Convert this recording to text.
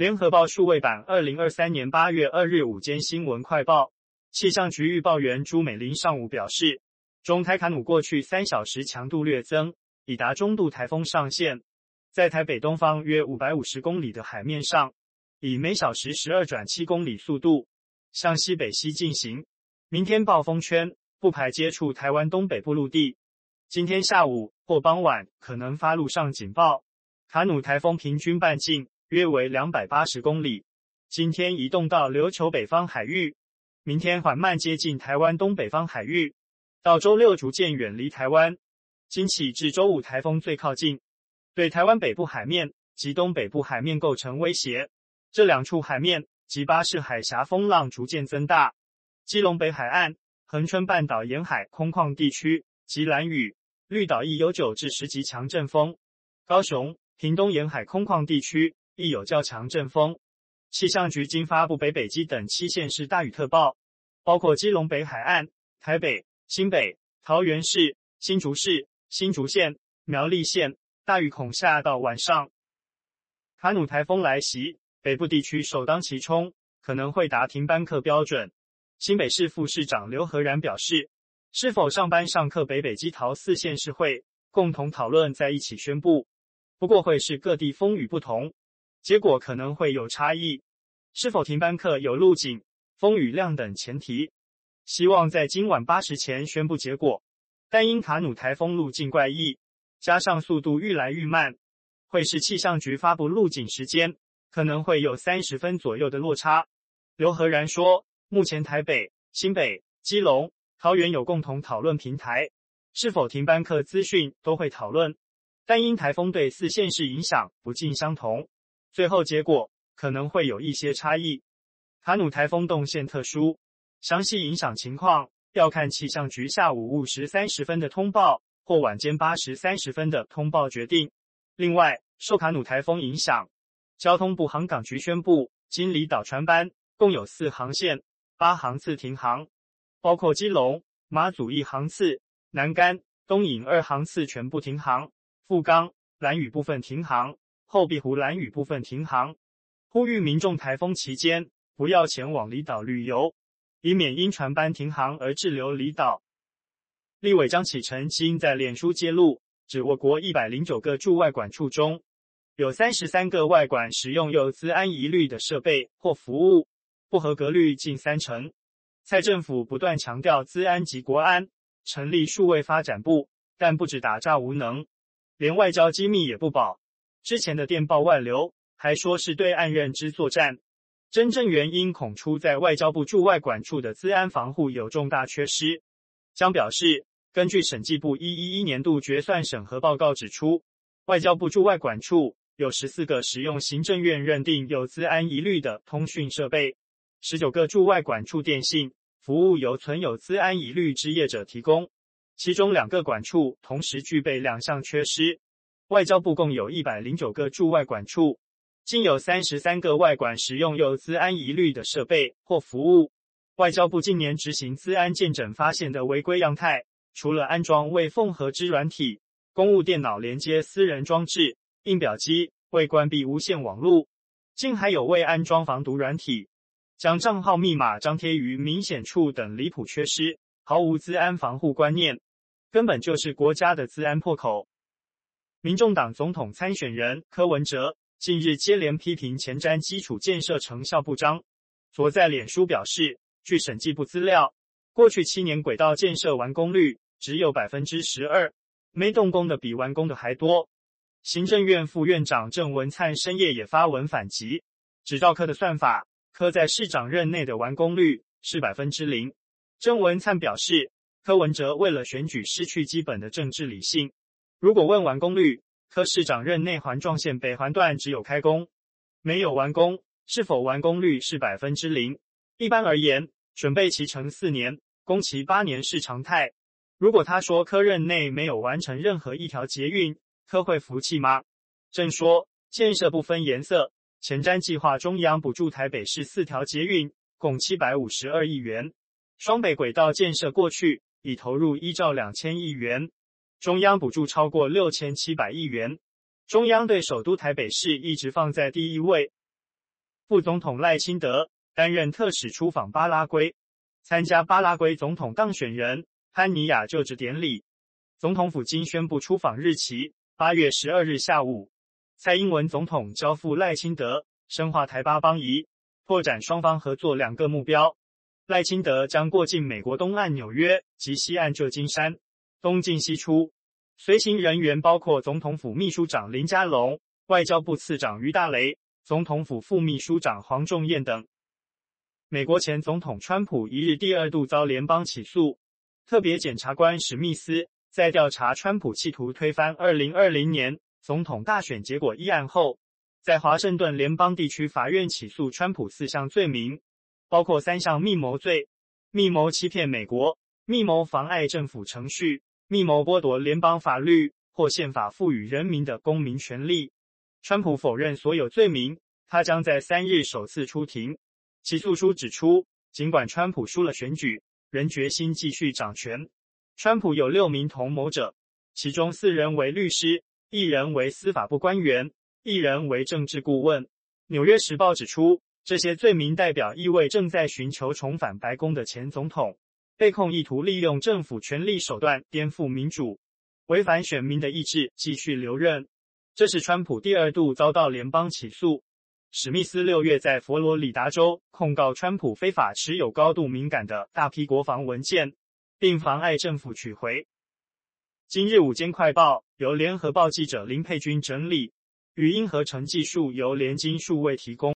聯合報數位版二零二三年八月二日午間新聞快報，氣象局預報員朱美玲上午表示，中颱卡努過去三小時強度略增，已達中度颱風上限，在台北東方約五百五十公里的海面上，以每小時十二轉七公里速度向西北西進行。明天暴風圈不排接觸台灣東北部陸地，今天下午或傍晚可能發陸上警報。卡努颱風平均半徑，約為兩百八十公里。今天移動到琉球北方海域，明天緩慢接近台灣東北方海域，到周六逐漸遠離台灣。今起至周五，颱風最靠近，對台灣北部海面及東北部海面構成威脅。這兩處海面及巴士海峽風浪逐漸增大。基隆北海岸、恆春半島沿海空曠地區及蘭嶼、綠島易有九至十級強陣風。高雄、屏東沿海空曠地區。亦有較強陣風，氣象局今發布北北基等七縣市大雨特報，包括基隆北海岸、台北、新北、桃園市、新竹市、新竹縣、苗栗縣，大雨恐下到晚上。卡努颱風來襲，北部地區首當其衝，可能會達停班課標準。新北市副市長劉和然表示，是否上班上課，北北基桃四縣市會共同討論在一起宣布，不過會是各地風雨不同。結果可能會有差異，是否停班課有路徑、風雨量等前提。希望在今晚八時前宣布結果，但因卡努台風路徑怪異，加上速度愈來愈慢，會使氣象局發布路徑時間可能會有三十分左右的落差。劉和然說，目前台北、新北、基隆、桃園有共同討論平台，是否停班課資訊都會討論，但因台風對四縣市影響不盡相同。最後結果可能會有一些差異。卡努颱風動線特殊，詳細影響情況要看氣象局下午五時三十分的通報或晚間八時三十分的通報決定。另外，受卡努颱風影響，交通部航港局宣布金里島船班共有四航線八航次停航，包括基隆、馬祖一航次、南竿、東引二航次全部停航，富岡、蘭嶼部分停航。後壁湖蘭嶼部分停航，呼籲民眾颱風期間不要前往離島旅遊，以免因船班停航而滯留離島。立委江啟臣今在臉書揭露，指我國一百零九個駐外館處中，有三十三個外館使用有資安疑慮的設備或服務，不合格率近三成。蔡政府不斷強調資安及國安，成立數位發展部，但不止打詐無能，連外交機密也不保。之前的電報外流還說是對岸認知作戰，真正原因恐出在外交部駐外館處的資安防護有重大缺失。將表示，根據審計部一一一年度決算審核報告指出，外交部駐外館處有十四個使用行政院認定有資安疑慮的通訊設備，十九個駐外館處電信服務由存有資安疑慮之業者提供，其中兩個館處同時具備兩項缺失。外交部共有一百零九個駐外館處，竟有三十三個外館使用有資安疑慮的設備或服務。外交部近年執行資安健診發現的違規樣態，除了安裝未縫合之軟體、公務電腦連接私人裝置、印表機未關閉無線網路，竟還有未安裝防毒軟體、將賬號密碼張貼於明顯處等離譜缺失，毫無資安防護觀念，根本就是國家的資安破口。民眾黨總統參選人柯文哲近日接連批評前瞻基礎建設成效不彰，昨在臉書表示，據審計部資料，過去七年軌道建設完工率只有百分之十二，沒動工的比完工的還多。行政院副院長鄭文燦深夜也發文反擊，指照柯的算法，柯在市長任內的完工率是百分之零。鄭文燦表示，柯文哲為了選舉失去基本的政治理性。如果問完工率，柯市長任內環狀線北環段只有開工，沒有完工，是否完工率是百分之零？一般而言，準備期程四年，工期八年是常態。如果他說柯任內沒有完成任何一條捷運，柯會服氣嗎？正說建設不分顏色，前瞻計劃中央補助台北市四條捷運，共七百五十二億元。雙北軌道建設過去已投入一兆兩千億元。中央補助超過六千七百億元，中央對首都台北市一直放在第一位。副總統賴清德擔任特使出訪巴拉圭，參加巴拉圭總統當選人潘尼亞就職典禮。總統府今宣布出訪日期八月十二日下午。蔡英文總統交付賴清德深化台巴邦誼，拓展雙方合作兩個目標。賴清德將過境美國東岸紐約及西岸舊金山。東進西出，隨行人員包括總統府秘書長林佳龍、外交部次長於大雷、總統府副秘書長黃仲彥等。美國前總統川普一日第二度遭聯邦起訴，特別檢察官史密斯在調查川普企圖推翻2020年總統大選結果議案後，在華盛頓聯邦地區法院起訴川普四項罪名，包括三項密謀罪、密謀欺騙美國、密謀妨礙政府程序。密謀剝奪聯邦法律或憲法賦予人民的公民權利。川普否認所有罪名，他將在三日首次出庭。起訴書指出，儘管川普輸了選舉，仍決心繼續掌權。川普有六名同謀者，其中四人為律師，一人為司法部官員，一人為政治顧問。《紐約時報》指出，這些罪名代表一位正在尋求重返白宮的前總統。被控意圖利用政府權力手段顛覆民主，違反選民的意志繼續留任，這是川普第二度遭到聯邦起訴。史密斯六月在佛羅里達州控告川普非法持有高度敏感的大批國防文件，並妨礙政府取回。今日午間快報由聯合報記者林佩君整理，語音合成技術由聯經數位提供。